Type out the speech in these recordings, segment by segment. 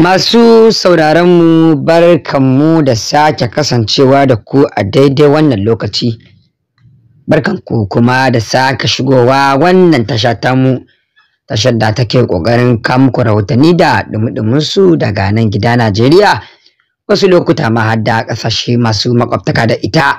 Masu sauraronmu barkanmu da sake kasancewa da ku a daidai wannan lokaci. Barkanku kuma da sake shigowa wannan tasha tamu, tashar da take ƙoƙarin muku rahotanni da ɗumi-ɗuminsu daga nan gida Najeriya, wasu lokuta ma har da ƙasashe masu makwabtaka da ita.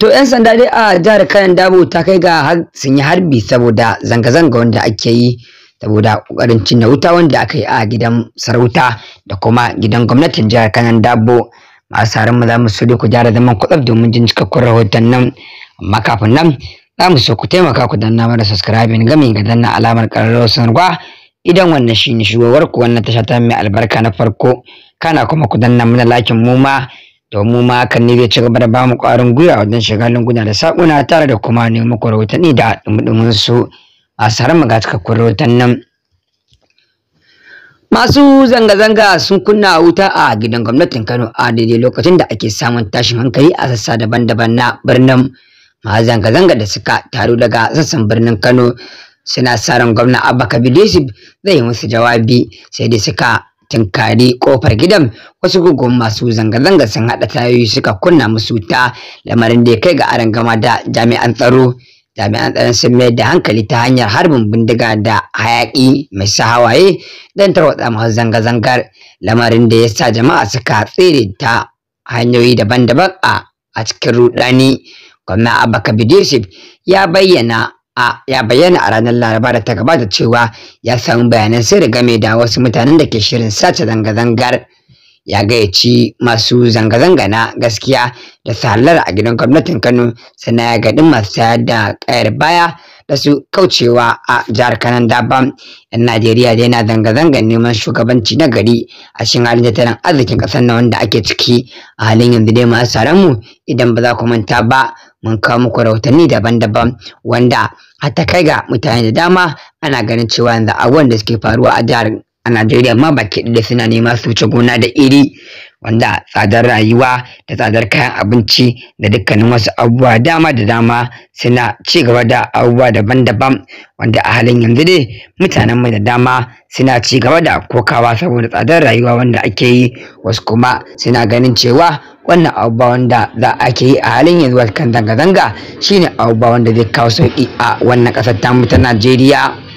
To 'yan sanda dai a jihar Kayan Dabo ta kai ga sun yi harbi saboda zanga-zanga wanda ake yi. saboda kokarin cinna wuta wanda aka yi a gidan sarauta da kuma gidan gwamnatin jihar kanan dabo masu harin maza mu so ku gyara zaman kuɗaf domin jin cikakkun rahoton nan amma kafin nan za mu so ku taimaka ku danna mana subscribing gami ga danna alamar ƙararrawar sanarwa idan wannan shine shigowar ku wannan tasha ta mai albarka na farko kana kuma ku danna mana lakin mu ma domin ma hakan ne zai ci gaba da ba mu ƙwarin gwiwa wajen shiga lunguna da saƙuna tare da kuma neman ku rahotanni da ɗumuɗumin su a sarar ga cikakkun nan masu zanga-zanga sun kunna wuta a gidan gwamnatin kano a daidai lokacin da ake samun tashin hankali a sassa daban-daban na birnin masu zanga-zanga da suka taru daga sassan birnin kano suna sa ran gwamna abba kabilisib zai yi musu jawabi sai dai suka tinkari kofar gidan wasu gugun masu zanga-zanga sun haɗa tayoyi suka kunna musu wuta lamarin da ya kai ga arangama da jami'an tsaro jami'an tsaron sun mayar da hankali ta hanyar harbin bindiga da hayaƙi mai sa hawaye don tarwatsa masu zanga-zangar lamarin da ya sa jama'a suka tsere ta hanyoyi daban-daban a cikin rudani gwamna abakabir yusuf ya bayyana a ya bayyana a ranar laraba da ta gabata cewa ya samu bayanan sirri game da wasu mutanen da ke shirin sace zanga-zangar ya gayyaci masu zanga-zanga na gaskiya da sahalar a gidan gwamnatin kano sannan ya gaɗin masu sayar da ƙayar baya da su kaucewa a jihar kanan daban yan najeriya da yana zanga zanga neman shugabanci na gari a cikin halin tattalin arzikin ƙasar na wanda ake ciki a halin yanzu dai masu mu idan ba za ku manta ba mun kawo muku rahotanni daban-daban wanda har kai ga mutane da dama ana ganin cewa yanzu abubuwan da suke faruwa a jihar a Najeriya ma baki ɗaya suna nema su wuce gona da iri wanda tsadar rayuwa da tsadar kayan abinci da dukkanin wasu abubuwa dama da dama suna ci gaba da abubuwa daban-daban wanda a halin yanzu dai mutanen mai da dama suna ci gaba da kokawa saboda tsadar rayuwa wanda ake yi wasu kuma suna ganin cewa wannan abubuwa wanda za a ke yi a halin yanzu kan zanga-zanga shine abubuwa wanda zai kawo sauki a wannan ƙasar tamu ta Najeriya.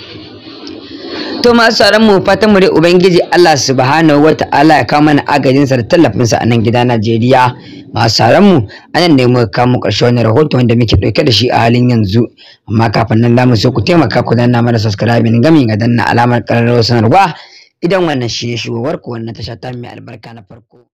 to masu sauran mu fatan mu dai ubangiji Allah subhanahu wata'ala ya kawo mana agajin sa da tallafin sa a nan gida Najeriya masu sauran mu anan ne muka kawo mu karshe wannan rahoton wanda muke dauke da shi a halin yanzu amma kafin nan mu so ku taimaka ku danna mana subscribing gami ga danna alamar karar sanarwa idan wannan shi ne shigowar ku wannan tasha ta mai albarka na farko